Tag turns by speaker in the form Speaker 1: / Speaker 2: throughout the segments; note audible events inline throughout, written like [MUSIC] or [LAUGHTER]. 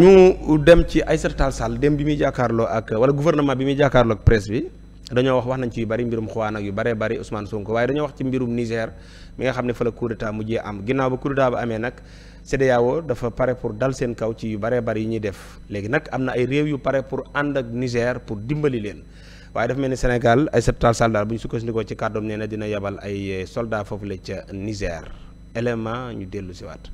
Speaker 1: ñu
Speaker 2: dem ci ay Tall Sall dem bi muy jàkkaarloo ak wala gouvernement bi muy jàkkaarloo ak presse bi dañoo wax wax nañ ci yu bari mbirum xuwaan ak yu baree bari Ousmane Sonko waaye dañoo wax ci mbirum Niger mi nga xam ne fa la coup d'état mujjee am ginnaaw ba coup d'état ba amee nag CEDEAO dafa pare pour dal seen kaw ci yu baree bari yi ñuy def léegi nag am na ay réew yu pare pour ànd ak Niger pour dimbali leen waaye dafa mel ni Sénégal Aïssata buñu Sall daal ci kàddoom nee na dina yabal ay soldats foofu la ca Niger élément ñu dellu siwaat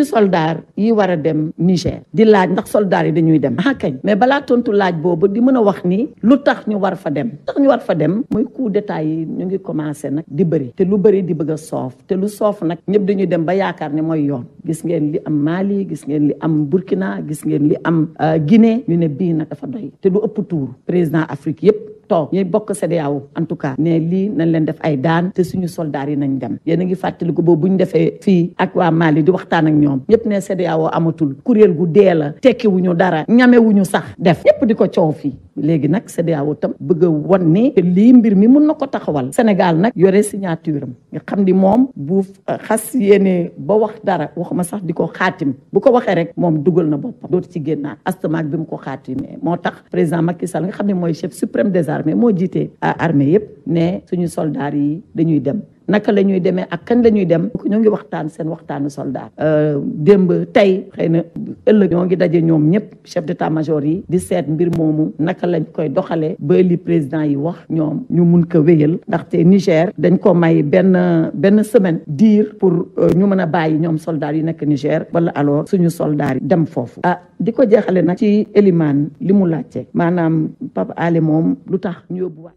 Speaker 1: ci soldaar yi war a dem Niger di laaj ndax soldaar yi dañuy dem ah mais balaa tontu laaj boobu di mën a wax nii lu tax ñu war fa dem tax ñu war fa dem muy coup d'état yi ñu ngi commencé nag di bëri te lu bëri di bëgg a soof te lu soof nag ñëpp dañuy dem ba yaakaar ne mooy yoon gis ngeen li am Mali gis ngeen li am Burkina gis ngeen li am euh, Guinée ñu ne bii nag dafa doy te du ëpp tuur président Afrique yépp toog ñuy bokk CEDEAO en tout cas ne lii nañ leen def ay daan te suñu soldats yi nañ dem yéen a ngi fàttaliku boobu buñ defee fii ak waa Mali di waxtaan ak ñoom ñëpp ne CEDEAO amatul kuréel gu dee la tekkiwuñu dara ñamewuñu sax def di ko coow fii léegi nag CEDEAO tam bëgg a won ni lii mbir mi mun na ko taxawal Sénégal nag yore signature am nga xam ni moom bu xas yéene ba wax dara waxuma sax di ko xaatim bu ko waxee rek moom dugal na boppam dootu ci génnaat astamaak bi mu ko xaatimee moo tax président Macky Sall nga xam ne mooy chef suprême des armées armée moo jiitee armée yëpp ne suñu soldats yi dañuy dem naka la ñuy demee ak kan la ñuy dem ñoo ngi waxtaan seen waxtaanu soldat euh, démb tey xëy na ëllëg ñoo ngi daje ñoom ñëpp chef d'état-major yi di seet mbir moomu naka lañ koy doxalee ba li président yi wax ñoom ñu mun ko wéyal ndaxte Niger dañ ko may benn benn semaine diir pour euh, ñu mën a bàyyi ñoom soldats yi nekk Niger wala alors suñu soldats yi dem foofu ah di ko jeexale nag ci Eliman li mu laajte maanaam Pape Ale moom lu tax ñu yóbbuwaat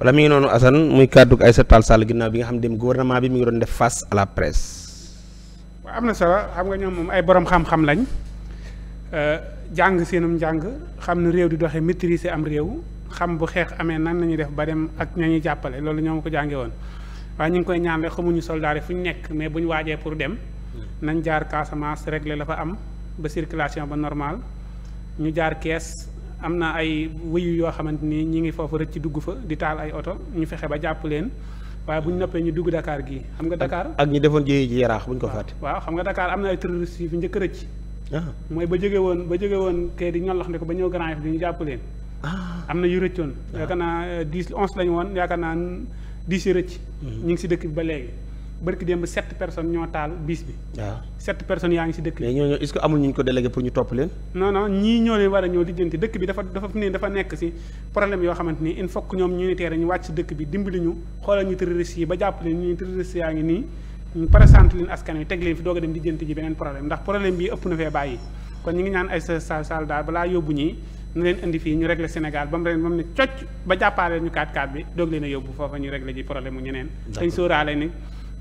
Speaker 2: wala mi ngi noonu Assane muy kàddu ay Aïssata Tall Sall ginnaaw bi nga xam ne gouvernement bi mi ngi doon def face à la presse.
Speaker 3: waa am na solo xam nga ñoom moom ay borom xam-xam lañ euh, jàng seenum njàng xam ne réew di doxe maîtriser am réew xam bu xeex amee nan la ñuy def ba dem ak ña ñuy jàppale loolu ñoo ñoom ko jàngee woon waaye ñu ngi koy ñaan rek xamuñu soldaar yi fu ñu nekk mais bu ñu waajee pour dem nañ jaar Casamance régler la fa am ba circulation ba normal ñu jaar kees am na ay wëyu yoo xamante ni ñi ngi foofu rëcc dugg fa di taal ay oto ñu fexe ba jàpp leen waaye bu ñu noppee ñu dugg Dakar gii xam nga dakaar
Speaker 2: ak ñu defoon jëye ji yaraax bu ñu ko fàtte
Speaker 3: waaw xam nga Dakar am na ay terroristes yu njëkk rëcc ah. mooy ba jóge woon ba jóge woon kay di ñolax ne ko ba ñëw Grand Yoff di ñu jàpp leen ah. am na yu rëccoon ah. yaakaar naa euh, dix onze lañu woon yaakaar naa dix yi rëcc hmm. ñu ngi si dëkk bi ba léegi barki démb sept personnes ñoo taal bis bi. waaw sept personnes yaa ngi si dëkk bi. mais ñooñu est-ce que amul ñu ñu ko délégué pour ñu topp leen. non ñii ñoo leen war a ñëw lijjanti dëkk bi dafa dafa fi ne dafa nekk si problème yoo xamante nii indi fii ñu réglé Sénégal ba mu ren ne cocc ba jàppaale ñu 4-4 bi doog leen a yóbbu foofa ñu réglé ji problème ñeneen. dañ sóoraale ni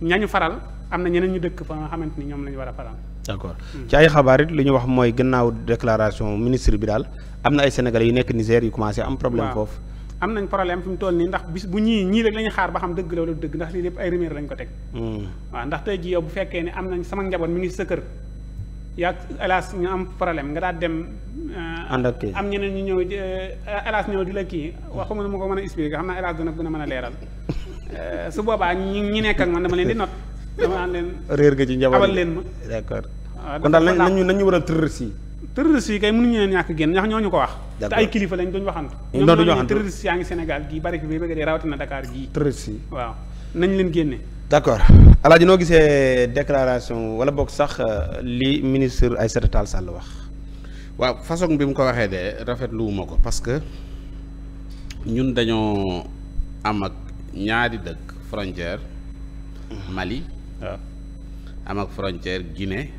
Speaker 3: ñañu faral am na ñeneen ñu dëkk fa nga xamante ni ñoom la ñu war a faral.
Speaker 2: d'accord ci ay xabaar it lu ñu wax mooy gannaaw déclaration ministre bi daal am na ay sénégal yu nekk Niger yu commencé am problème foofu.
Speaker 3: am nañ problème fi mu toll nii ndax bis bu ñii ñii rek la xaar ba xam dëgg la wala dëgg ndax lii lépp ay rumeur lañ ko teg. Hmm. waaw ndax tey jii yow bu fekkee ne am nañ sama njaboot mi ngi sa kër yaa hélas ñu am problème nga daal dem. Euh, ànd ak am ñeneen ñu ñëw euh, hélas ñëw di la kii. waxuma nu ma ko mën a expliquer xam naa hélas dina gën a mën a leeral [LAUGHS] Euh, su boobaa ñi ñi nekk ak man dama leen di not dama naan leen.
Speaker 2: réer nga ci njaboot abal leen ma. d'accord
Speaker 3: ah, kon daal nañu nañu war a terroriste yi. terroriste yi kay mënuñu leen ñàkk génn ndax ñoo ñu ko wax. te ay kilifa lañ duñ waxantu. ñoom ñoo ñu terroriste yaa ngi Sénégal gii bari fi bay bëgg dee rawatina Dakar gii. terroriste yi waaw nañ leen génne.
Speaker 2: d'accord alaaji noo gisee déclaration wala boog sax euh, li ministre Aïssata Tall Sall wax. waaw façon bi mu ko waxee de rafetluwuma ko parce que
Speaker 4: ñun dañoo am ak ñaari dëkk frontière mhm. Mali waaw am ak frontière Guinée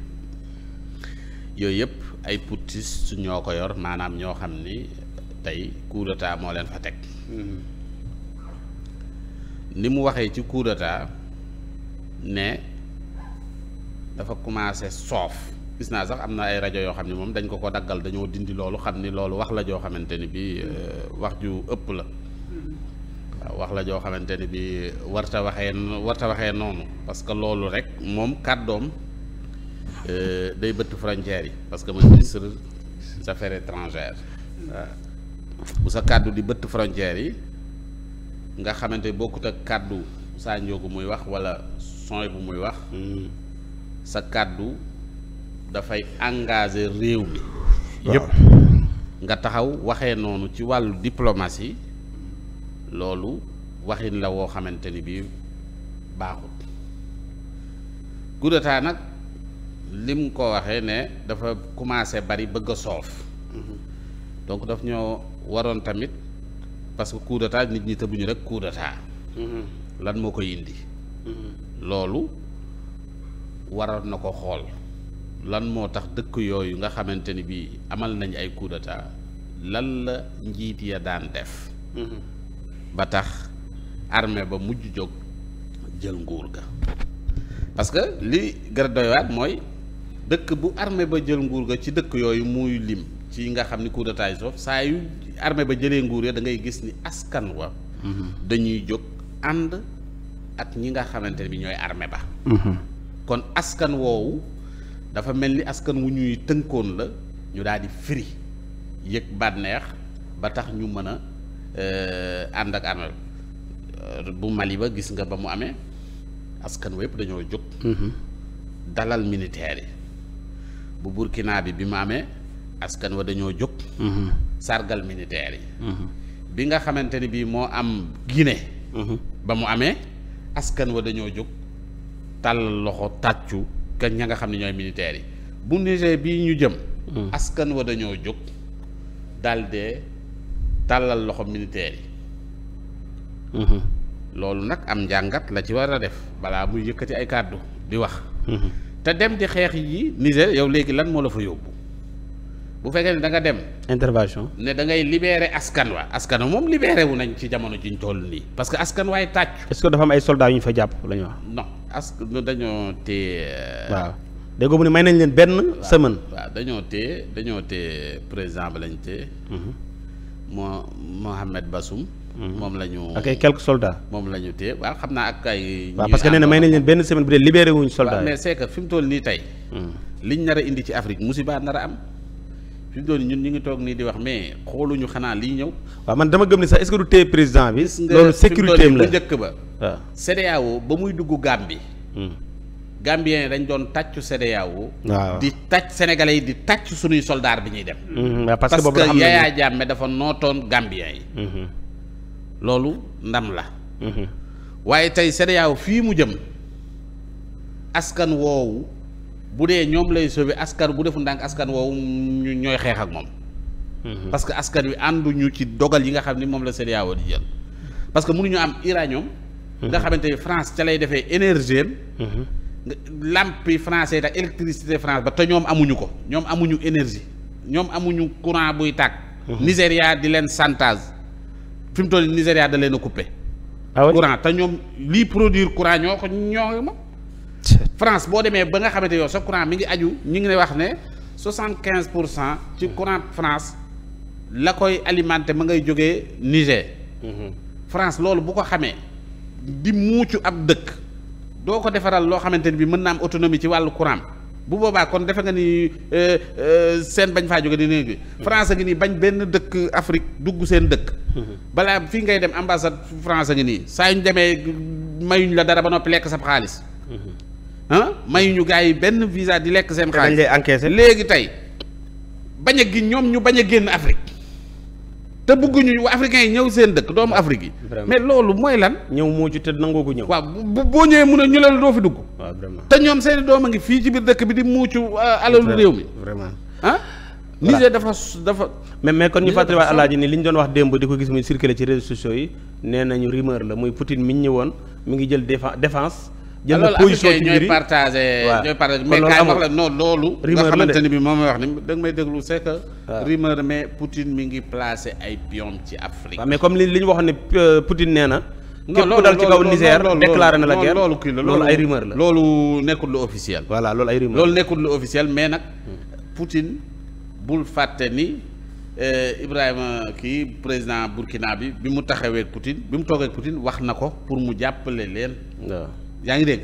Speaker 4: yooyu yëpp ay su ñoo ko yor maanaam ñoo xam ni tey coup moo leen fa teg mhm. ni mu waxee ci coup d'état ne dafa commencé soof gis naa sax am na ay rajo yoo xam ne moom dañ ko ko daggal dañoo dindi loolu xam ni loolu wax la joo xamante ni bi euh, wax ju ëpp la wax la joo xamante ni bi warta waxee warta waxee noonu parce que loolu rek moom kàddoom euh, day bëtt frontière yi parce que mooy ministre des affaires bu sa kàddu di bëtt frontière yi nga xamante bokkut ak kàddu saa njoogu muy wax wala sony bu muy wax hmm. sa kàddu dafay engagé réew bi yëpp nga taxaw waxee noonu ci wàllu diplomatie loolu waxin la woo xamante ni bii baaxut coup nag lim ko waxee ne dafa commencé bari bëgg a soof mm-hmm. donc daf ñoo waroon tamit parce que coup nit ñi tëbuñu rek coup mm-hmm. lan moo ko indi mm-hmm. loolu waroon na ko xool lan moo tax dëkk yooyu nga xamante ni bii amal nañ ay coup lan la njiit ya daan def ba tax armée ba mujj jóg jël nguur ga parce que li gën mooy dëkk bu arme ba jël nguur ga ci dëkk yooyu muy lim ci nga xam ni coup d'état yi soof saa yu armée ba jëlee nguur ya da ngay gis ni askan wa mhm. dañuy jóg ànd ak ñi nga xamante ne bi ñooy arme ba mhm. kon askan woowu dafa mel ni askan wu ñuy tënkoon la ñu daal di firi yëg bànneex ba tax ñu mën a Euh, ànd ak armée euh, bu Mali ba gis nga ba mu amee askan wépp dañoo jóg mhm. dalal militaire yi bu Burkina bi bi mu amee askan wa dañoo jóg mhm. sargal militaire yi
Speaker 2: mhm.
Speaker 4: nga xamante ni bii moo am Guinée ba mu amee askan wa dañoo jóg tàllal loxo tàccu ka ña nga xam ne ñooy militaires yi bu Niger bii ñu jëm askan wa dañoo jóg dalde tàllal loxo militaire yi mhm. loolu nag am njàngat la ci war a def balaa muy yëkkati ay kàddu di wax mhm. te dem di xeex yi nise yow léegi lan moo la fa yóbbu bu fekkee ne da dem intervention ne da ngay libérer askan wa askan wa moom libéré wu nañ ci jamono ji ñu toll nii parce que askan waaye tàcc
Speaker 2: est-ce dafa am ay soldats ñu fa jàpp la ñu wax non
Speaker 4: as dañoo téye euh,
Speaker 2: waaw déggoo mu ne nañ leen benn semaine
Speaker 4: dañoo te dañoo président ba lañ téye mhm. moo Mohamed Bassoum. Mm-hmm. moom la ñu. ak ay quelques soldats. moom la ñu téye waaw xam naa ak ay. waaw parce na may nañ leen
Speaker 2: benn semaine bu dee libéré wuñ soldats yi mais
Speaker 4: c'est que toll nii tey. Mm. liñ nar a indi ci Afrique musiba nar a am. fi mu toll ñun ñu ngi toog nii di wax mais xooluñu xanaa lii ñëw.
Speaker 2: waaw man dama gëm ne sax est-ce que du téye président bi. loolu sécurité am la bu njëkk ba.
Speaker 4: waaw CEDEAO ba muy dugg Gambie. Mm. Gambien dañ doon tàccu CEDEAO waaw di tàcc sénégalais yi di tàcc suñuy soldaar bi ñuy dem. Mm-hmm. parce que boobu Yaya Jammeh dafa nootoon Gambien yi. Mm-hmm. loolu ndam la. Mm-hmm. waaye tey CEDEAO fii mu jëm askan woowu bu dee ñoom lay sauver askan bu defu ndànk askan woowu ñooy xeex ak moom. parce que askan wi ànduñu ci dogal yi nga xam ni moom la CEDEAO di jël. parce que mënuñu am uranium. nga xamante France ca lay defee énergie. lampi français da électricité France ba te ñoom amuñu ko ñoom amuñu énergie ñoom amuñu courant buy tàkk. Mhm. Nigéria di leen chantage fi mu toll Nigéria da leen a coupé. Ah courant te ñoom lii produire courant ñoo ko ñoo moom. France boo demee ba nga xamante yow sa courant mi ngi aju ñu ngi lay wax ne soixante quinze pour cent ci mhm. courant France la koy alimenté ma ngay jógee Niger. Mhm. France loolu bu ko xamee di muucu ab dëkk. doo ko defaral loo xamante ni bi mën na am autonomie ci wàllu courant bu boobaa kon defe nga ni euh, euh, seen bañ faa jóge di néegi France ngi nii bañ benn dëkk Afrique dugg seen dëkk balaa fii ngay dem ambassade France ngi nii saa ñu demee mayuñ la dara ba noppi lekk sab xaalis mayuñu gars yi benn visa di lekk seen xaalis léegi tey bañ a gi ñoom ñu bañ a génn Afrique te bëgguñu africains yi ñëw seen dëkk doomu Afrique yi. mais loolu mooy lan. ñëw moo ci te nangoo ko ñëw. waaw boo ñëwee mun a ñu leen doo fi dugg.
Speaker 2: waaw vraiment te
Speaker 4: ñoom seen doom a ngi fii ci biir dëkk bi di muucu euh, alalu réew mi.
Speaker 2: vraiment ah. dafa dafa. mais mais kon ñu fàttaliwaat alaaji ni li ñu doon wax démb di ko gis muy circuler ci réseaux sociaux yi nee nañu rumeur la muy Poutine mi ñu ñëwoon mi ngi jël défense jël na position ci ñooy partagé ñooy partagé mais kaay loolu bi moom wax ni
Speaker 4: da nga déglu c'est que mi ngi placé ay pion ci Afrique mais
Speaker 2: comme li li ñu waxoon ne euh, Poutine nee na képp ku dal ci kaw Niger déclaré na la guerre loolu kii la loolu
Speaker 4: loolu nekkul lu officiel voilà loolu ay rumeur loolu nekkul lu officiel mais nag
Speaker 2: hmm.
Speaker 4: Poutine bul fàtte ni euh, Ibrahima kii président Burkina bi bi mu taxawee Poutine bi mu toogee Poutine wax na ko pour mu jàppale leen yaa ngi dégg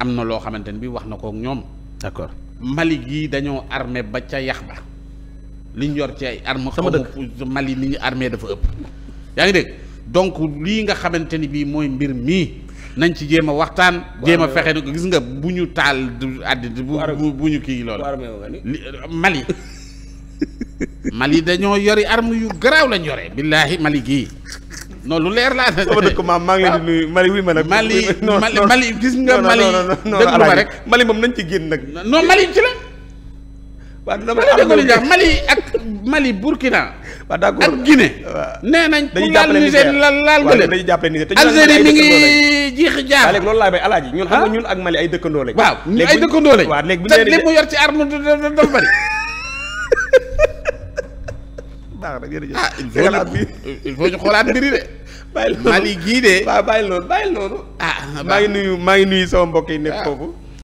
Speaker 4: am na loo xamante ne bi wax na kook ñoom. d'accord Mali gii dañoo armé ba ca yax ba li ñu yor ci ay arme sama dëkk Mali li ñu dafa ëpp. yaa donc lii nga xamante ni bii mooy mbir mii nañ ci jéem a waxtaan. jéem fexe na ko gis nga bu ñu taal du àddina bu bu ñu kii loola. Mali [LAUGHS] Mali dañoo yori arme yu garaaw lañ yore. billaahi Mali gii.
Speaker 2: non lu leer laa. sama dëkk [LAUGHS] maam maa ngi leen Mali wuy ma nag. Mali
Speaker 4: [LAUGHS] Mali gis nga
Speaker 3: Mali. déglu ma rek
Speaker 2: Mali nañ ci génn nag.
Speaker 4: non Mali
Speaker 3: ci la.
Speaker 2: waaw dina
Speaker 4: ma [LAUGHS] Mali ak Mali Burkina. ak Guinée. nee nañ ku laal Niger laal laal nga leen. dañuy
Speaker 2: jàppale Niger te Algérie mi ngi jiix jaar. waaw léegi loolu laa bay alaaji ñun xam nga ñun ak Mali ay dëkkandoo waaw ñu ay dëkkandoo lañ. waaw léegi bu ñu leen di te li mu yor ci arme dafa bari baax na jërëjëf. ah il faut ñu il de.
Speaker 1: bàyyil noonu Mali gii de. waaw bàyyil noonu bàyyil noonu. ah maa nuyu
Speaker 2: maa ngi nuyu sama mbokk yi nekk ah. foofu.